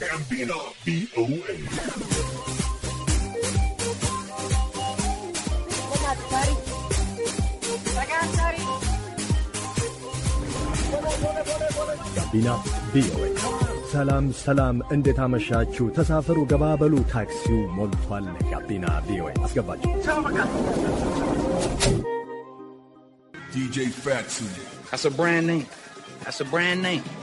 ጋቢና ቪኦኤ ጋቢና ቪኦኤ። ሰላም ሰላም፣ እንዴት አመሻችሁ? ተሳፈሩ፣ ገባበሉ፣ ታክሲው ሞልቷል። ጋቢና ቪኦኤ አስገባችሁ። DJ Fatsu. ስ ብራንድ brand name. That's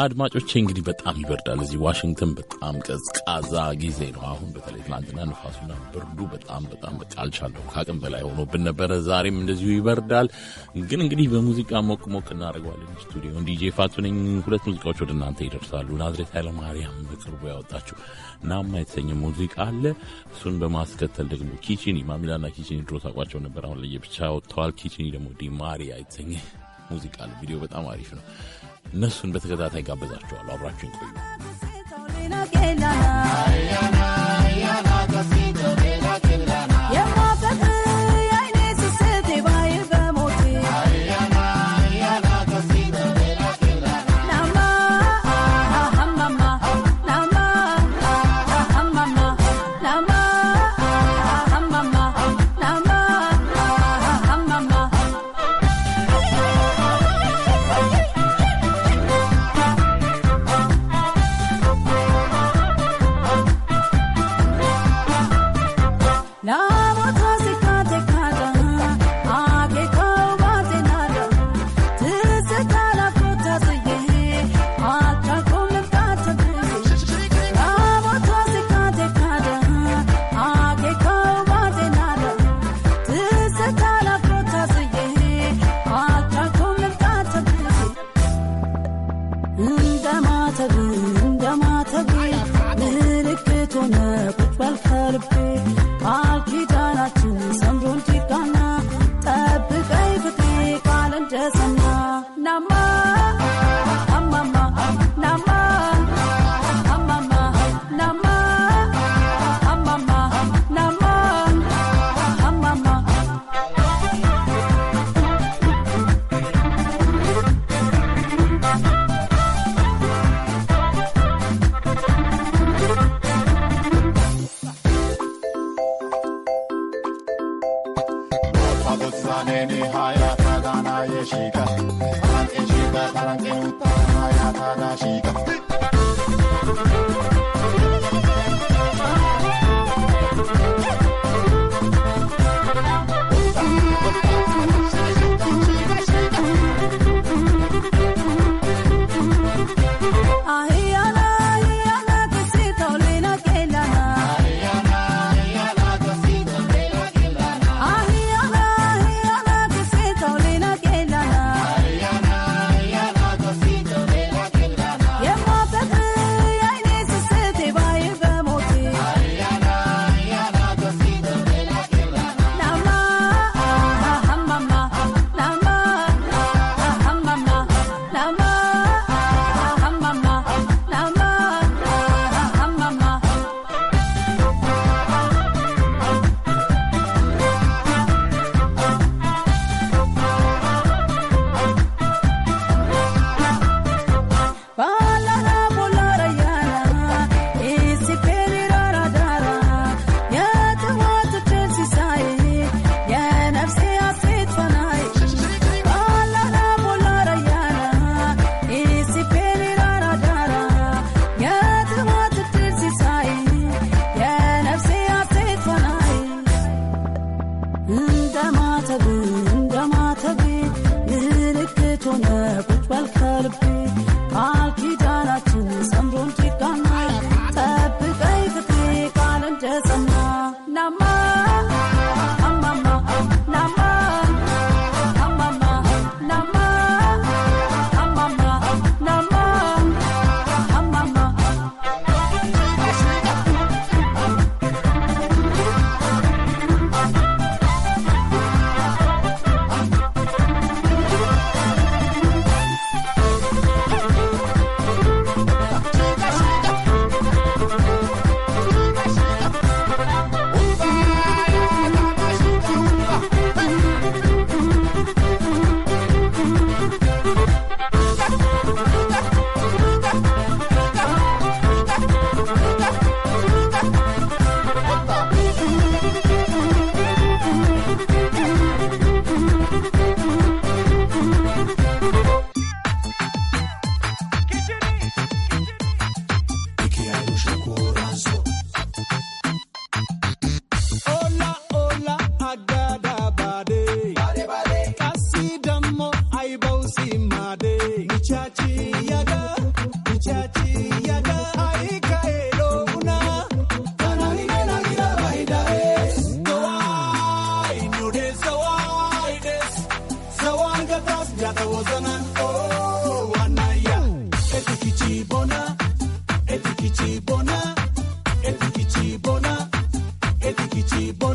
አድማጮቼ እንግዲህ በጣም ይበርዳል። እዚህ ዋሽንግተን በጣም ቀዝቃዛ ጊዜ ነው። አሁን በተለይ ትላንትና ንፋሱና ብርዱ በጣም በጣም በቃ አልቻለሁ፣ ከአቅም በላይ ሆኖብን ነበረ። ዛሬም እንደዚሁ ይበርዳል። ግን እንግዲህ በሙዚቃ ሞቅ ሞቅ እናደርገዋለን። ስቱዲዮ ዲጄ ፋቱ ነኝ። ሁለት ሙዚቃዎች ወደ እናንተ ይደርሳሉ። ናዝሬት ኃይለማርያም በቅርቡ ያወጣችው ናማ የተሰኘ ሙዚቃ አለ። እሱን በማስከተል ደግሞ ኪቺኒ ማሚላና ኪቺኒ ድሮ ታውቋቸው ነበር። አሁን ለየብቻ ወጥተዋል። ኪቺኒ ደግሞ ዲማሪያ የተሰኘ ሙዚቃ ነው። ቪዲዮ በጣም አሪፍ ነው። እነሱን በተከታታይ ጋበዛቸዋለሁ። አብራችን ቆዩ።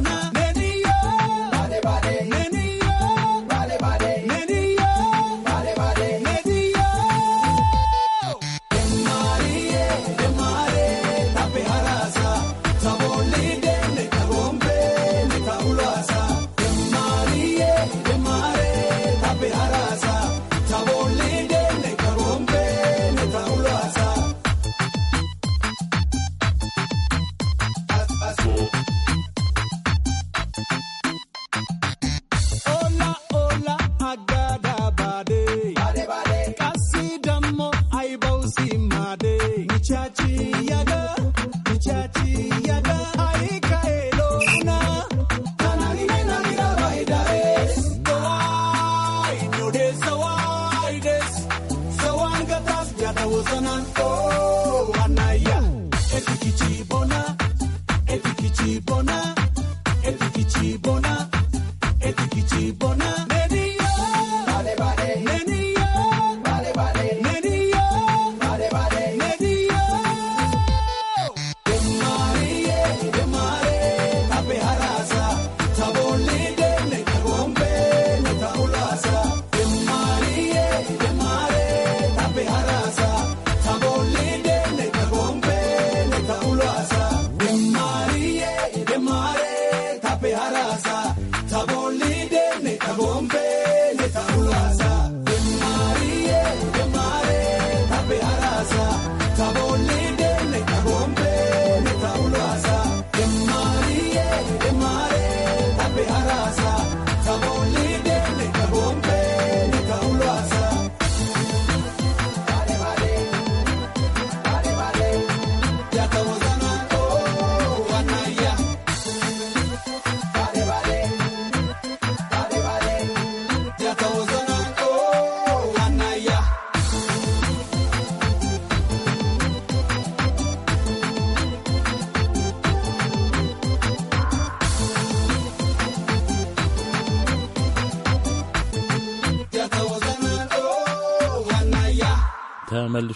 na.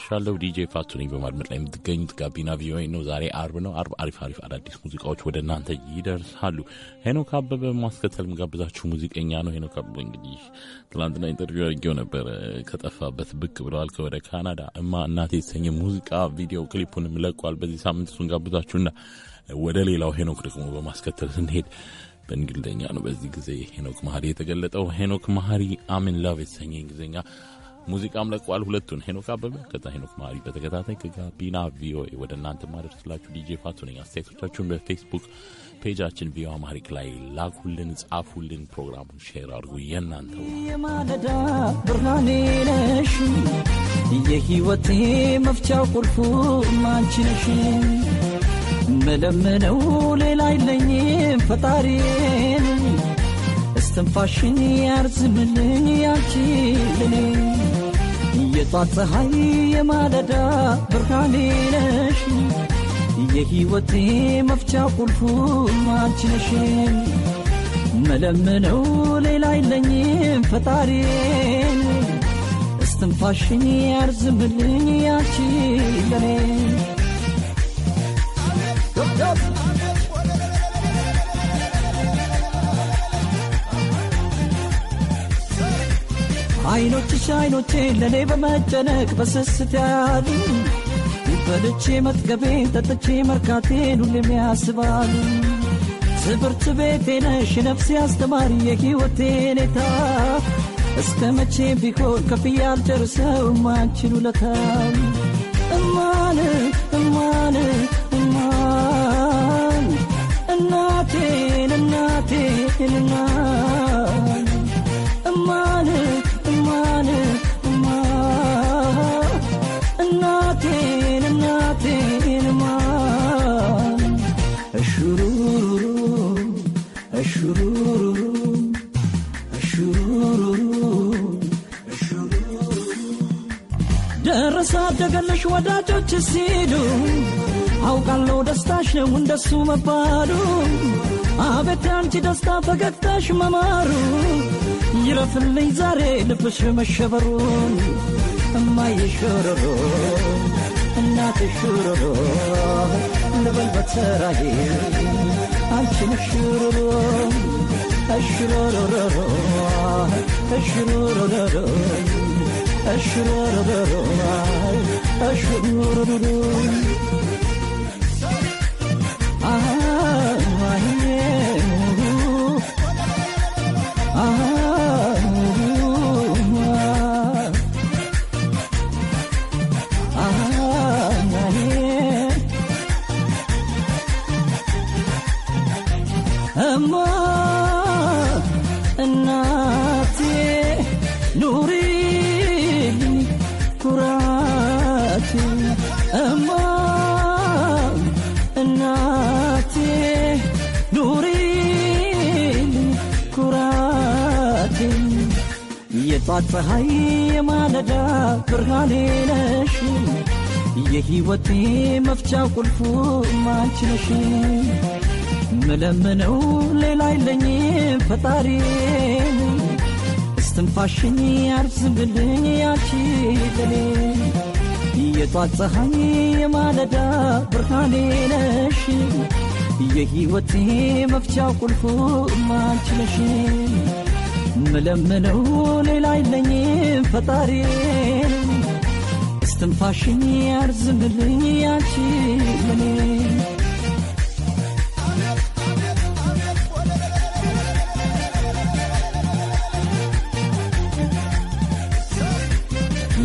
አመሻለሁ። ዲጄ ፋቱኒ በማድመጥ ላይ የምትገኙት ጋቢና ቪኦኤ ነው። ዛሬ አርብ ነው። አርብ አሪፍ አሪፍ አዳዲስ ሙዚቃዎች ወደ እናንተ ይደርሳሉ። ሄኖክ አበበ በማስከተል የምጋብዛችሁ ሙዚቀኛ ነው። ሄኖክ አበበ እንግዲህ ትላንትና ኢንተርቪው አድርጌው ነበር። ከጠፋበት ብቅ ብለዋል። ከወደ ካናዳ እማ እናቴ የተሰኘ ሙዚቃ ቪዲዮ ክሊፑንም ለቋል በዚህ ሳምንት። እሱን ጋብዛችሁና ወደ ሌላው ሄኖክ ደግሞ በማስከተል ስንሄድ በእንግሊዝኛ ነው። በዚህ ጊዜ ሄኖክ መሀሪ የተገለጠው ሄኖክ መሀሪ አሚን ላቭ የተሰኘ እንግሊዝኛ ሙዚቃም ለቋል። ሁለቱን ሄኖክ አበበ ከዛ ሄኖክ ማሪ በተከታታይ ከጋቢና ቪኦኤ ወደ እናንተ ማደርስላችሁ ዲጄ ፋቱ ነኝ። አስተያየቶቻችሁን በፌስቡክ ፔጃችን ቪኦኤ አማሪክ ላይ ላኩልን፣ ጻፉልን፣ ፕሮግራሙን ሼር አድርጉ። የእናንተ የማለዳ ብርሃኔ ነሽ፣ የህይወቴ መፍቻ ቁልፉ አንቺ ነሽ። መለምነው ሌላ አይለኝም ፈጣሪን እስትንፋሽን ያርዝምልኝ ያንቺ ልኔ የጧት ፀሐይ የማለዳ ብርሃኔ ነሽ የሕይወቴ መፍቻ ቁልፉ አንቺ ነሽ መለምነው ሌላ የለኝም ፈጣሪን እስትንፋሽኝ ያርዝምልኝ ያንቺ ለኔ አይኖችሽ አይኖቼን ለእኔ በመጨነቅ በስስት ያሉ በልቼ መጥገቤ ጠጥቼ መርካቴን ሁሌም ያስባሉ። ትምህርት ቤቴ ነሽ ነፍሴ አስተማሪ የሕይወቴ ኔታ እስከ መቼ ቢሆን ከፍዬ አልጨርሰው እማንችን ውለታ እማን እማን እማን እናቴን እናቴን እናን እማን ደረሳደገነሽ ወዳጆች ሲሉ አውቃለሁ ደስታሽ ነው እንደሱ መባሉ አቤት አንቺ ደስታ ፈገግታሽ መማሩ ይረፍልኝ ዛሬ ልብሽ መሸበሩን እማዬ ሽሮሮ እናት ሽሮሮ ልበል በተራዬ አንቺን ሽሮሮ እሽሮሮሮሮ እሽሮሮሮሮ እሽሮሮሮሮ እሽሮሮሮሮ እናቴ እማ እናቴ ኑሪል ኩራቴ የጧት ፀሐይ የማለዳ ብርሃኔ ነሽ የሕይወቴ መፍቻ ቁልፉ ማች ነሽ ምለምነው ሌላ የለኝም ፈጣሪን እስትንፋሽኝ ያርዝምልኝ ያቺ ለኔ የጧት ፀሐይ የማለዳ ብርሃኔ ነሽ የሕይወቴ መፍቻ ቁልፉ ማንቺ ምለምነው ሌላ የለኝም ፈጣሪ እስትንፋሽኝ አርዝምልኝ አንቺ ምኔ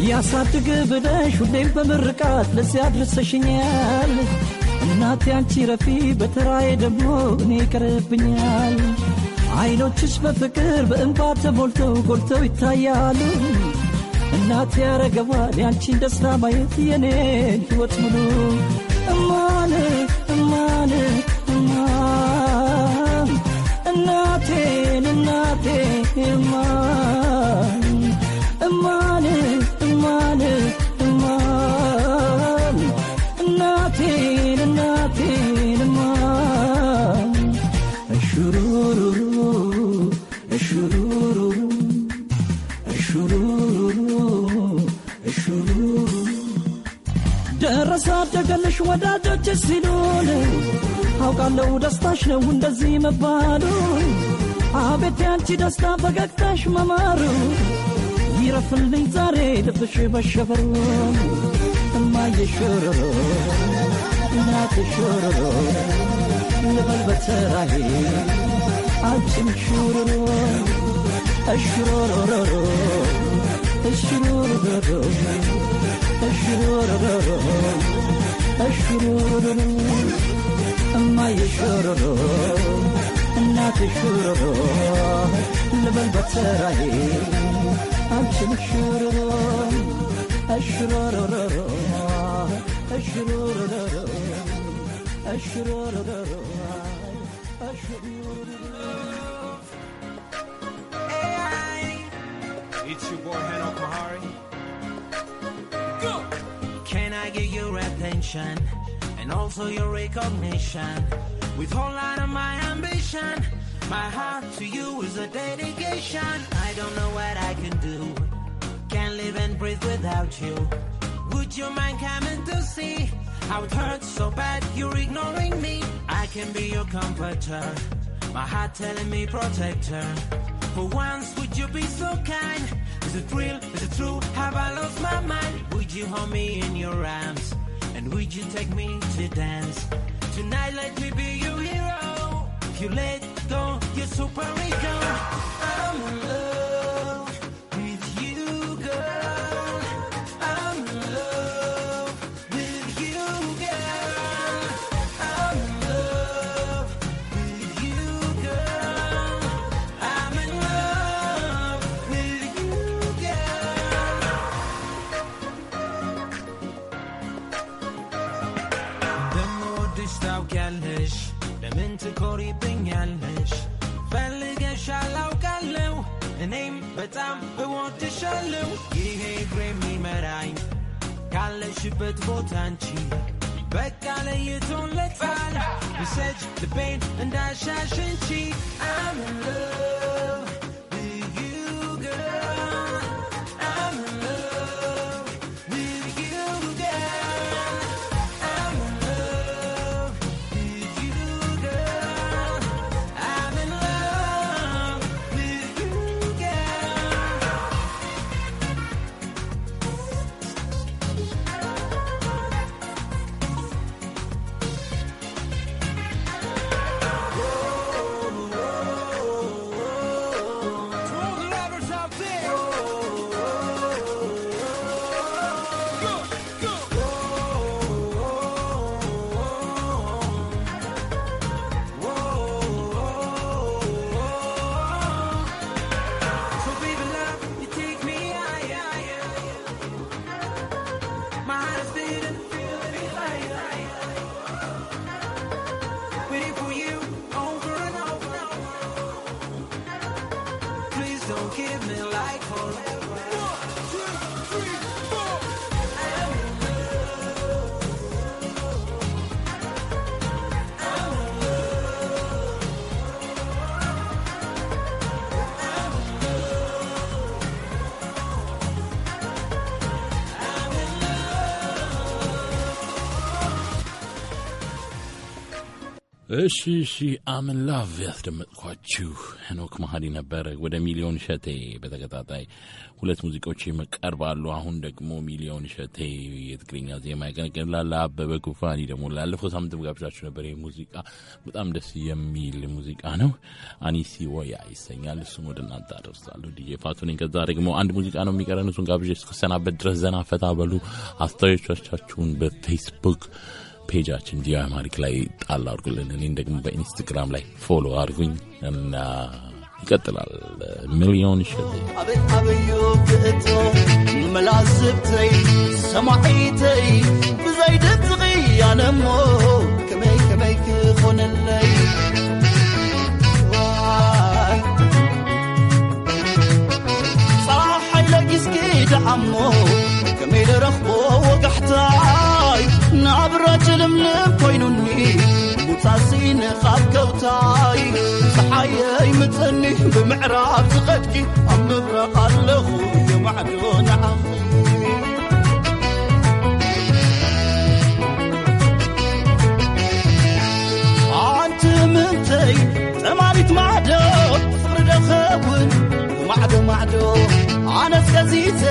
ያሳድግ ብለሽ ሁሌም በምርቃት ለዚያ አድርሰሽኛል። እናቴ አንቺ ረፊ በተራዬ ደግሞ እኔ ይቀርብኛል። ዐይኖችሽ በፍቅር በእንባ ተሞልተው ጎልተው ይታያሉ። እናቴ ያረገዋል ያንቺን ደስታ ማየት የኔን ሕይወት ሙሉ እማን ደስ ይሉል አውቃለሁ ደስታሽ ነው እንደዚህ መባሉ አቤት ያንቺ ደስታ ፈገግታሽ መማሩ ይረፍልኝ ዛሬ ልብሽ በሸበሩ እማዬ ሽሩሩ እናት ሽሩሩ ልበል በተራዬ አንቺም ሽሩሩ እሽሩሩሩ እሽሩሩሩ እሽሩሩሩ It's your boy Hano Kahari. Get your attention and also your recognition. With whole lot of my ambition, my heart to you is a dedication. I don't know what I can do, can't live and breathe without you. Would you mind coming to see how it hurts so bad you're ignoring me? I can be your comforter, my heart telling me protector. For once, would you be so kind? Is it real? Is it true? Have I lost my mind? Would you hold me in your arms? And would you take me to dance? Tonight let me be your hero. If you let go, you're superhero. I'm in love. ታስታውቂያለሽ ለምን ትኮሪብኛለሽ ፈልገሽ አላውቃለሁ እኔም በጣም እወድሻለሁ ይሄ እግሬ የሚመራኝ ካለሽበት ቦታ አንቺ በቃ ለይቶን ለጣል ውሰጅ ልቤን እንዳሻሽ እንቺ እሺ እሺ አምን ላቭ ያስደመጥኳችሁ ሄኖክ መሀዲ ነበረ። ወደ ሚሊዮን እሸቴ በተከታታይ ሁለት ሙዚቃዎች ይቀርባሉ። አሁን ደግሞ ሚሊዮን እሸቴ የትግርኛ ዜማ ይቀነቅንላል። አበበ ጉፋኒ ደግሞ ላለፈው ሳምንት ጋብዣችሁ ነበር። ይህ ሙዚቃ በጣም ደስ የሚል ሙዚቃ ነው። አኒሲ ወያ ይሰኛል። እሱም ወደ እናንተ አደርሳለሁ። ዲጄ ፋቱን። ከዛ ደግሞ አንድ ሙዚቃ ነው የሚቀረን። እሱን ጋብዤ እስክሰናበት ድረስ ዘና ፈታ በሉ። አስተያየቶቻችሁን በፌስቡክ ፔጃችን ቪኦኤ አማሪክ ላይ ጣል አድርጉልን። እኔን ደግሞ በኢንስታግራም ላይ ፎሎ አድርጉኝ እና ይቀጥላል። ሚሊዮን ይሸት ኣብዩ ክእቶ ንመላስብተይ ሰማዒተይ ብዘይድጥቕይ ኣነ ከመይ ከመይ ክኾነለይ ፃሓይለ ግዝጊ ደዓሞ ከመይ ደረኽቦ ወጋሕታ ንዓብረ ጭልምልም ኮይኑኒ ሙፃሲን ኻብ ከውታይ ፀሓየ ይምፅኒ ብምዕራብ ዝቐድቂ ኣብ ምብረቕ ኣለኹ የማዕዶ ንዓኺ ኣንቲ ምንተይ ጠማሪት ማዕዶ ፍቕሪ ደኸውን ማዕዶ ማዕዶ ኣነስ ከዚዘ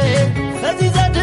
ከዚዘደ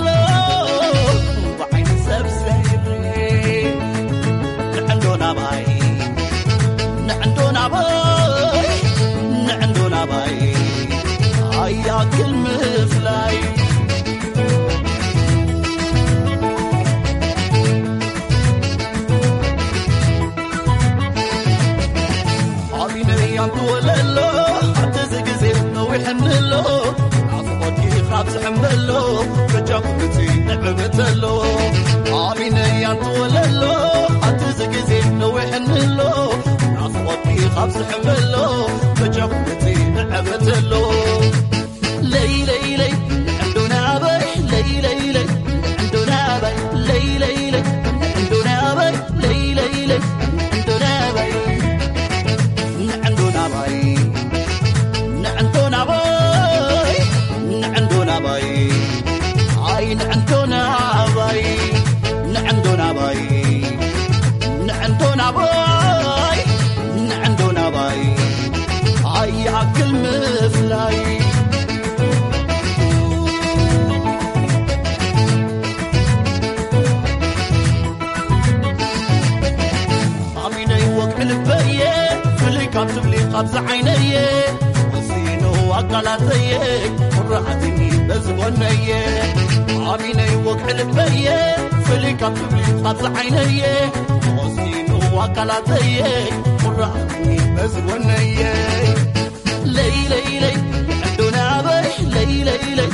ناباي نعندو ناباي هيا كل مفلاي عبي نريان توللو حتى زقزي نويحنلو عصبك يخاف تحملو فجاب بتي نعمتلو ዝሕበሎ መጀኩቲ ንዕመትሎ ለይለይለይ ዕንዱና ኣበይ ለይለይለይ ዕንዱና ኣበይ ለይለይለይ ዕንዱና ኣበይ ለይለይለይ ዕንዱና ኣበይ ንዕንዱና ኣባይ ንዕንዶና ኣባይ ንዕንዶና ኣባይ ኣይ ንዕንዶና ኣባይ ንዕንዶና ኣባይ ንዕንዶና ኣባይ absaxaynaye wasiinuhu akalaataye quraxadinii basgonaye aaminay wogxilbaye felika publik absaxaynaye wasiinuhu akalaataye quraxadinii basgonaye leyleyley dunaabay leyleyley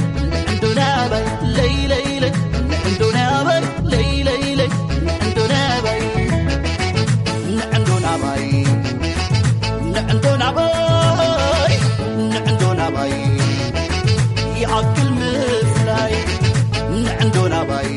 Bye.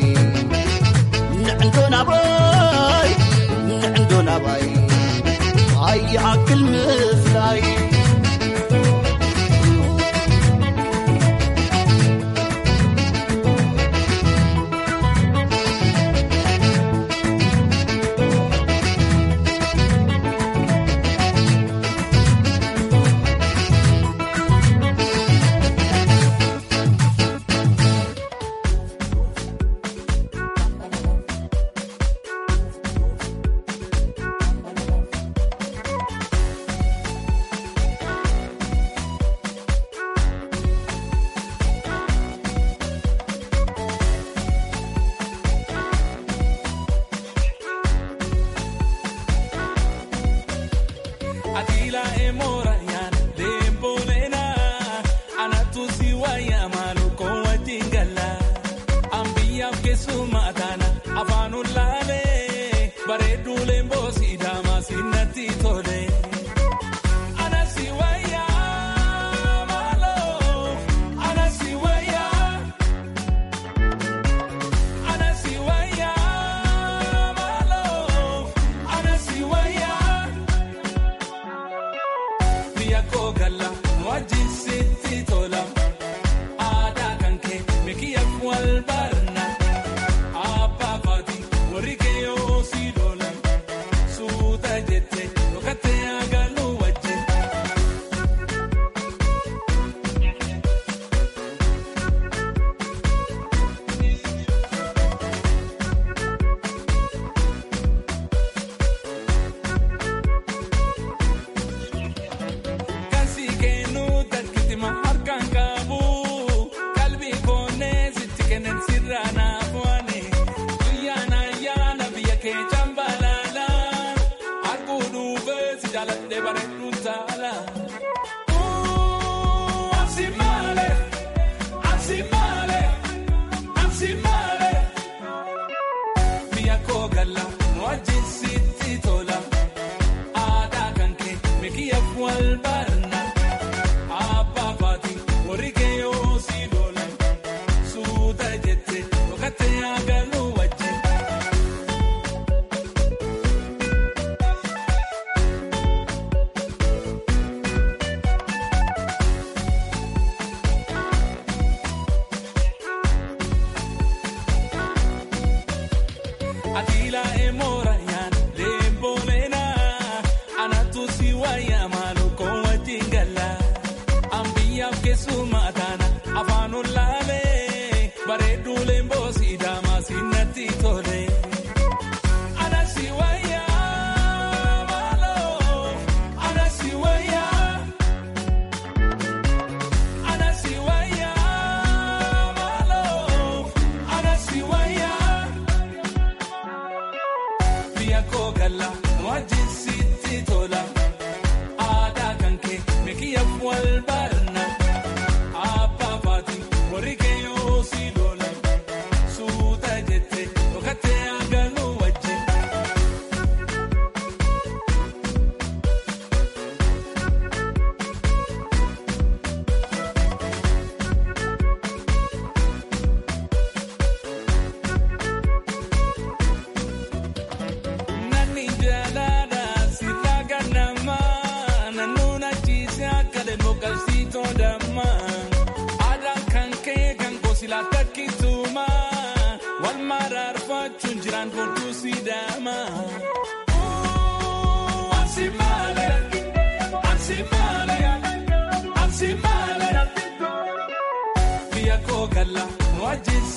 a ti la hemorragia. and go to see them. I'm Simale, I'm Simale, I'm Simale. Via Kogala, what is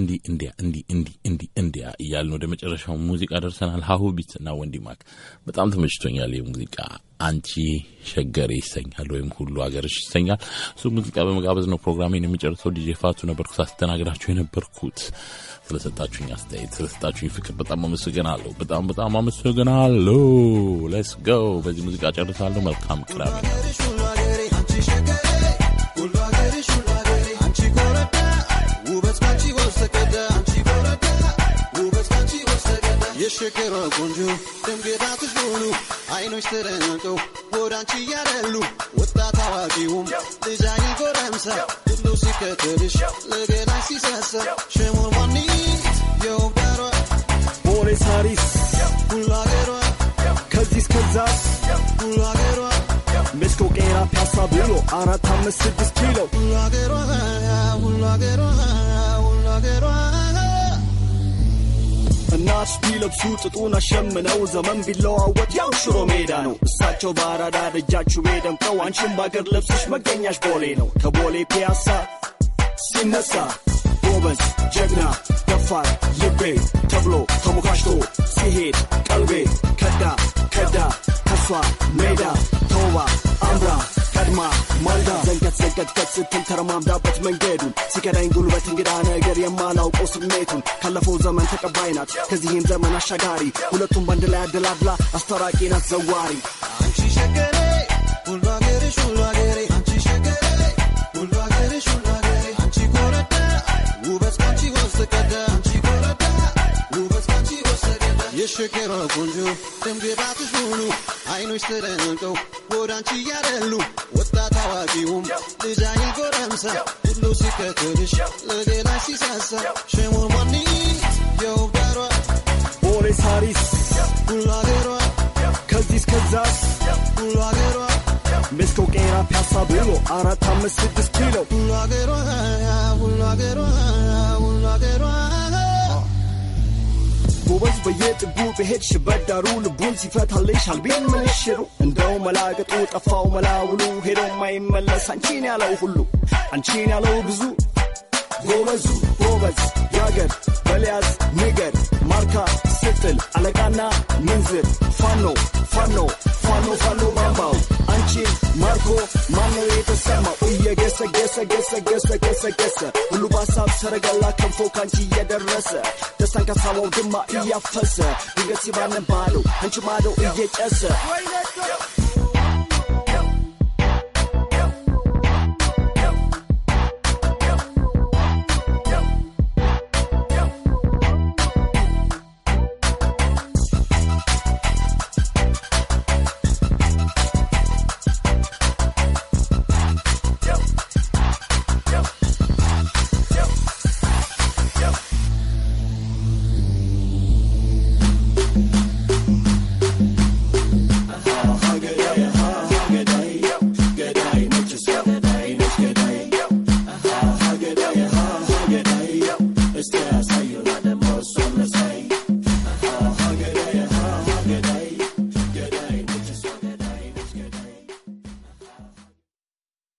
እንዲ እንዲያ እንዲ እንዲ እንዲ እንዲያ እያልን ወደ መጨረሻው ሙዚቃ ደርሰናል። ሀሁ ቢት እና ወንዲ ማክ በጣም ተመችቶኛል። ይህ ሙዚቃ አንቺ ሸገሬ ይሰኛል፣ ወይም ሁሉ ሀገርሽ ይሰኛል። እሱ ሙዚቃ በመጋበዝ ነው ፕሮግራሜን የሚጨርሰው። ዲጄ ፋቱ ነበርኩት አስተናግዳቸው የነበርኩት። ስለሰጣችሁኝ አስተያየት፣ ስለሰጣችሁኝ ፍቅር በጣም አመሰግናለሁ። በጣም በጣም አመሰግናለሁ። ሌትስ ጎ በዚህ ሙዚቃ ጨርሳለሁ። መልካም ቅዳሜ የሸከሯ ቆንጆ ደምገባቶች በሆኑ አይኖች ተደናንቀው ወዳንቺ ያደሉ ወጣት አዋቂውም ልጃ ጎረምሳ ሁሉ ሲከተልሽ ለገላይ ሲሳሳ ሸሞን ዋኒት የወንበሯ ቦሌ ሳሪስ ሁሉ አገሯ ከዚህ እስከዛስ ሁሉ አገሯ ሜስኮ ቄራ ፒያሳ ብሎ አራት አምስት ስድስት ኪሎ ሁሉ አገሯ ሁሉ አገሯ ሁሉ አገሯ እናት ቢለብሱ ጥጡን አሸምነው ዘመን ቢለዋወጥ ያው ሽሮ ሜዳ ነው። እሳቸው በአራዳ ደጃችሁ ቤ ደምቀው በአገር ለብሰሽ መገኛሽ ቦሌ ነው። ከቦሌ ፒያሳ ሲነሳ ጎበዝ ጀግና ደፋር ልቤ ተብሎ ተሞካሽቶ ሲሄድ ቀልቤ ከዳ ከዳ ከሷ ሜዳ ተውባ አምራ ቀድማ ማልዳ ዘንቀት ዘንቀት ዘንቀጥቀት ስትል ተረማምዳበት መንገዱን ሲከዳኝ ጉልበት እንግዳ ነገር የማላውቀው ስሜቱን ካለፈው ዘመን ተቀባይ ናት ከዚህም ዘመን አሻጋሪ ሁለቱም በአንድ ላይ አደላድላ አስተራቂ ናት ዘዋሪ አንቺ ሸገሬ ሁሉ ሀገርሽ ሁሉ የሸኬራ ቆንጆ ድምድባትሽ ሙሉ አይኖች ተደንቀው ወዳንቺ እያደሉ ወጣት አዋቂውም ልጃ ጎረምሳ ሁሉ ሲከተልሽ ለሌላ ሲሳሳ ሸሞርማኒ የውዳሯ ቦሌ ሳሪስ ሁላገሯ ከዚህ እስከዛስ ሁላገሯ ሜስኮ ቄራ ፒያሳ ብሎ አራት አምስት ስድስት ኪሎ ሁላገሯ ሁላገሯ ሁላገሯ ጎበዝ በየጥጉ በሄድሽበት ዳሩ ልቡን ሲፈታልሽ አልቢን መልሽሩ እንደው መላገጡ ጠፋው መላውሉ ሄዶ ማይመለስ አንቺን ያለው ሁሉ አንቺን ያለው ብዙ ጎበዙ ጎበዝ ያገር በልያዝ ንገር ማርካ ስትል አለቃና ምንዝር ፋኖ ፋኖ ፋኖ ፋኖ ባምባው አንቺን ማርኮ ማነው የተሰማው? እየገሰገሰ ገሰ ገሰ ገሰ ገሰ ሁሉ በሀሳብ ሰረገላ ከንፎ ካንቺ እየደረሰ ደስታን ከሳባው ድማ እያፈሰ ድንገት ሲባነን ባለው አንቺ ማዶ እየጨሰ